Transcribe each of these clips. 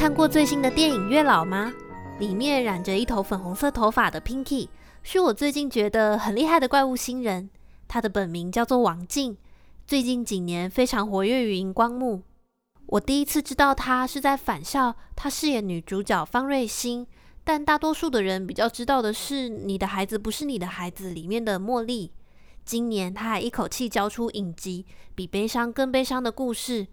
看過最新的電影《月老》嗎？裡面染着一頭粉紅色頭髮的 Pinky 是我最近覺得很厲害的怪物新人，他的本名叫做王淨，最近幾年非常活躍於熒光幕。我第一次知道他是在《返校》，他飾演女主角方芮欣，但大多數的人比較知道的是《你的孩子不是你的孩子》裡面的茉莉。今年他還一口氣交出影集《比悲傷更悲傷的故事》、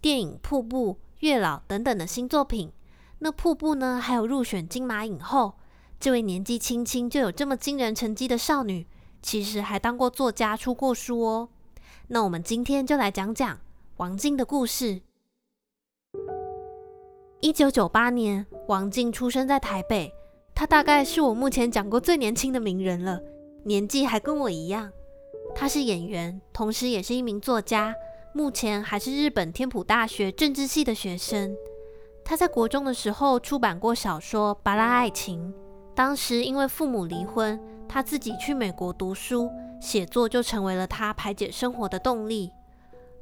電影《瀑布》。月老等等的新作品。那瀑布呢？還有入選金馬影後，這位年紀輕輕就有這麼驚人成績的少女，其實還當過作家，出過書哦。那我們今天就來講講王淨的故事。一九九八年，王淨出生在台北。她大概是我目前講過最年輕的名人了，年紀還跟我一樣。她是演員，同時也是一名作家。目前還是日本天普大學政治系的學生。他在國中的時候出版過小說《芭樂愛情》。當時因為父母離婚，他自己去美國讀書，寫作就成為了他排解生活的動力。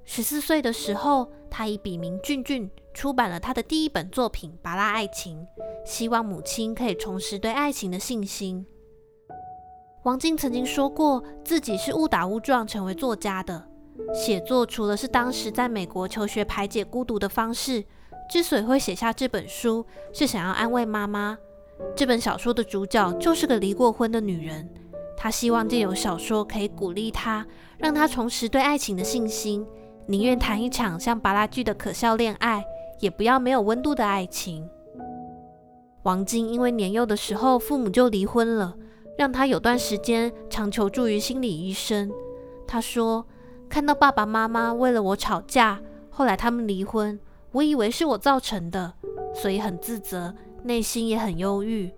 十四歲的時候，他以筆名俊俊出版了他的第一本作品《芭樂愛情》，希望母親可以重拾對愛情的信心。王淨曾經說過，自己是誤打誤撞成為作家的。寫作除了是當時在美國求學排解孤獨的方式，之所以會寫下這本書，是想要安慰媽媽。這本小說的主角就是個離過婚的女人，她希望借由小說可以鼓勵她，讓她重拾對愛情的信心，寧願談一場像芭樂劇的可笑戀愛，也不要沒有溫度的愛情。王淨因為年幼的時候父母就離婚了，讓她有段時間常求助於心理醫生。她說。看到爸爸媽媽為了我吵架，後來他們離婚，我以為是我造成的，所以很自責，內心也很憂鬱。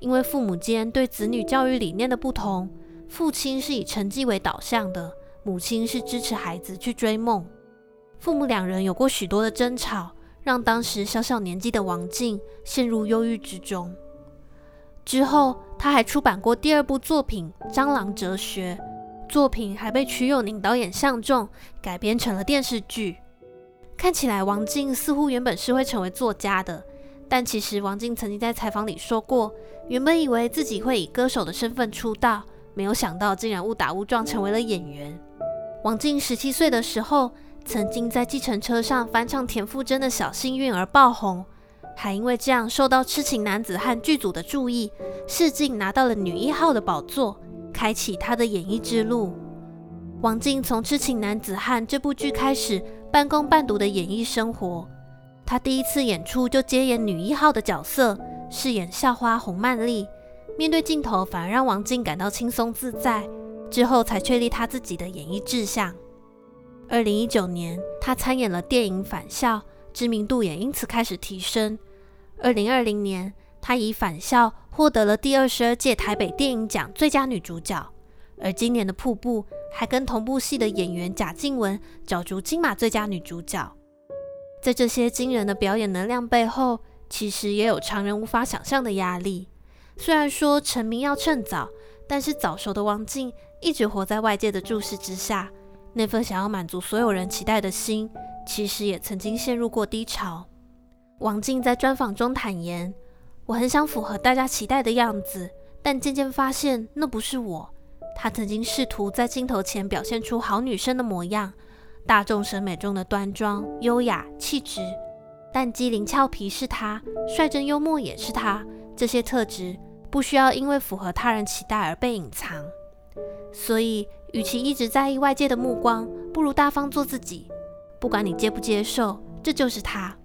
因為父母間對子女教育理念的不同，父親是以成績為導向的，母親是支持孩子去追夢。父母兩人有過許多的爭吵，讓當時小小年紀的王淨陷入憂鬱之中。之後，她還出版過第二部作品《蟑螂哲學》。作品還被瞿友寧導演相中，改編成了電視劇。看起來王淨似乎原本是會成為作家的，但其實王淨曾經在採訪裡說過，原本以為自己會以歌手的身份出道，沒有想到竟然誤打誤撞成為了演員。王淨十七歲的時候，曾經在計程車上翻唱田馥甄的《小幸運》而爆紅，還因為這樣受到《痴情男子漢》劇組的注意，試鏡拿到了女一號的寶座。開啟她的演藝之路。王淨從《痴情男子漢》這部劇開始半工半讀的演藝生活。她第一次演出就接演女一號的角色，飾演校花洪曼麗。面對鏡頭反而讓王淨感到輕鬆自在，之後才確立她自己的演藝志向。二零一九年，她參演了電影《返校》，知名度也因此開始提升。二零二零年，她以《返校》獲得了第二十二屆台北電影獎最佳女主角，而今年的《瀑布》還跟同部戲的演員賈靜雯角逐金馬最佳女主角。在這些驚人的表演能量背後，其實也有常人無法想象的壓力。雖然說成名要趁早，但是早熟的王淨一直活在外界的注視之下，那份想要滿足所有人期待的心，其實也曾經陷入過低潮。王淨在專訪中坦言。我很想符合大家期待的樣子，但漸漸發現那不是我。她曾經試圖在鏡頭前表現出好女生的模樣，大眾審美中的端莊、優雅、氣質。但機靈俏皮是她，率真幽默也是她。這些特質不需要因為符合他人期待而被隱藏。所以，與其一直在意外界的目光，不如大方做自己。不管你接不接受，這就是她。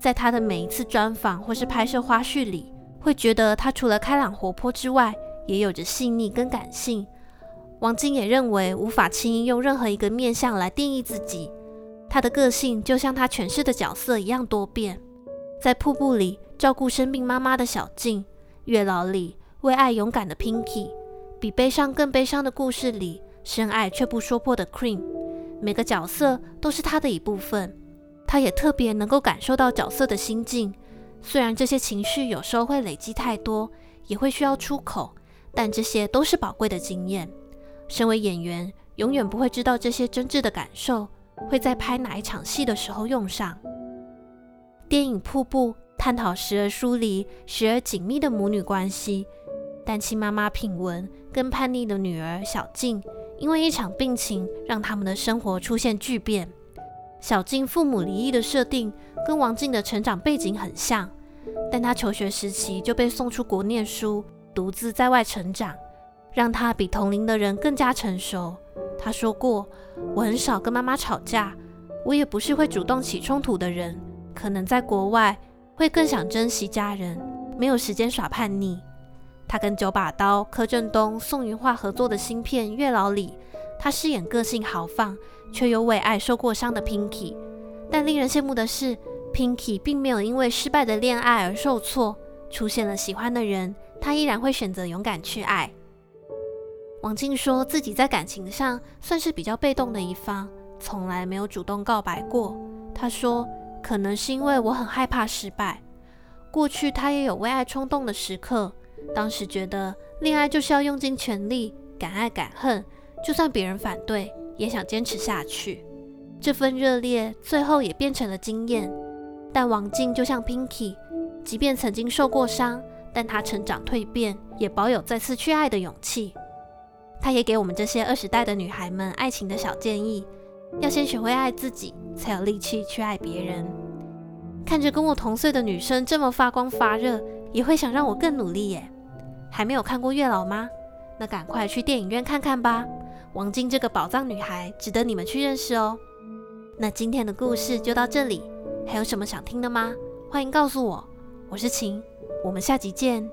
在他的每一次專訪或是拍攝花絮裡，會覺得他除了開朗活潑之外，也有着細膩跟感性。王淨也認為，無法輕易用任何一個面向來定義自己。他的個性就像他詮釋的角色一樣多變。在瀑布裡照顧生病媽媽的小靜，月老裡為愛勇敢的 Pinky，比悲傷更悲傷的故事裡深愛卻不說破的 Cream，每個角色都是他的一部分。他也特別能夠感受到角色的心境，雖然這些情緒有時候會累積太多，也會需要出口，但這些都是寶貴的經驗。身為演員，永遠不會知道這些真摯的感受會在拍哪一場戲的時候用上。電影《瀑布》探討時而疏離、時而緊密的母女關係，單親媽媽品文跟叛逆的女兒小靜，因為一場病情讓他們的生活出現巨變。小靜父母離異的設定跟王靜的成長背景很像，但她求學時期就被送出國念書，獨自在外成長，讓她比同齡的人更加成熟。她說過：“我很少跟媽媽吵架，我也不是會主動起衝突的人。可能在國外會更想珍惜家人，沒有時間耍叛逆。”她跟九把刀、柯震東、宋芸樺合作的新片《月老》裡。他飾演個性豪放卻又為愛受過傷的 Pinky，但令人羨慕的是，Pinky 並沒有因為失敗的戀愛而受挫。出現了喜歡的人，他依然會選擇勇敢去愛。王淨說自己在感情上算是比較被動的一方，從來沒有主動告白過。他說：“可能是因為我很害怕失敗。過去他也有為愛衝動的時刻，當時覺得戀愛就是要用盡全力，敢愛敢恨。”就算別人反對，也想堅持下去。這份熱烈最後也變成了經驗。但王淨就像 Pinky，即便曾經受過傷，但她成長蛻變，也保有再次去愛的勇氣。她也給我們這些二十代的女孩們愛情的小建議：要先學會愛自己，才有力氣去愛別人。看着跟我同歲的女生這麼發光發熱，也會想讓我更努力耶。還沒有看過《月老》嗎？那趕快去電影院看看吧。王淨這個寶藏女孩，值得你們去認識哦。那今天的故事就到這裡，還有什麼想聽的嗎？歡迎告訴我，我是晴，我們下集見。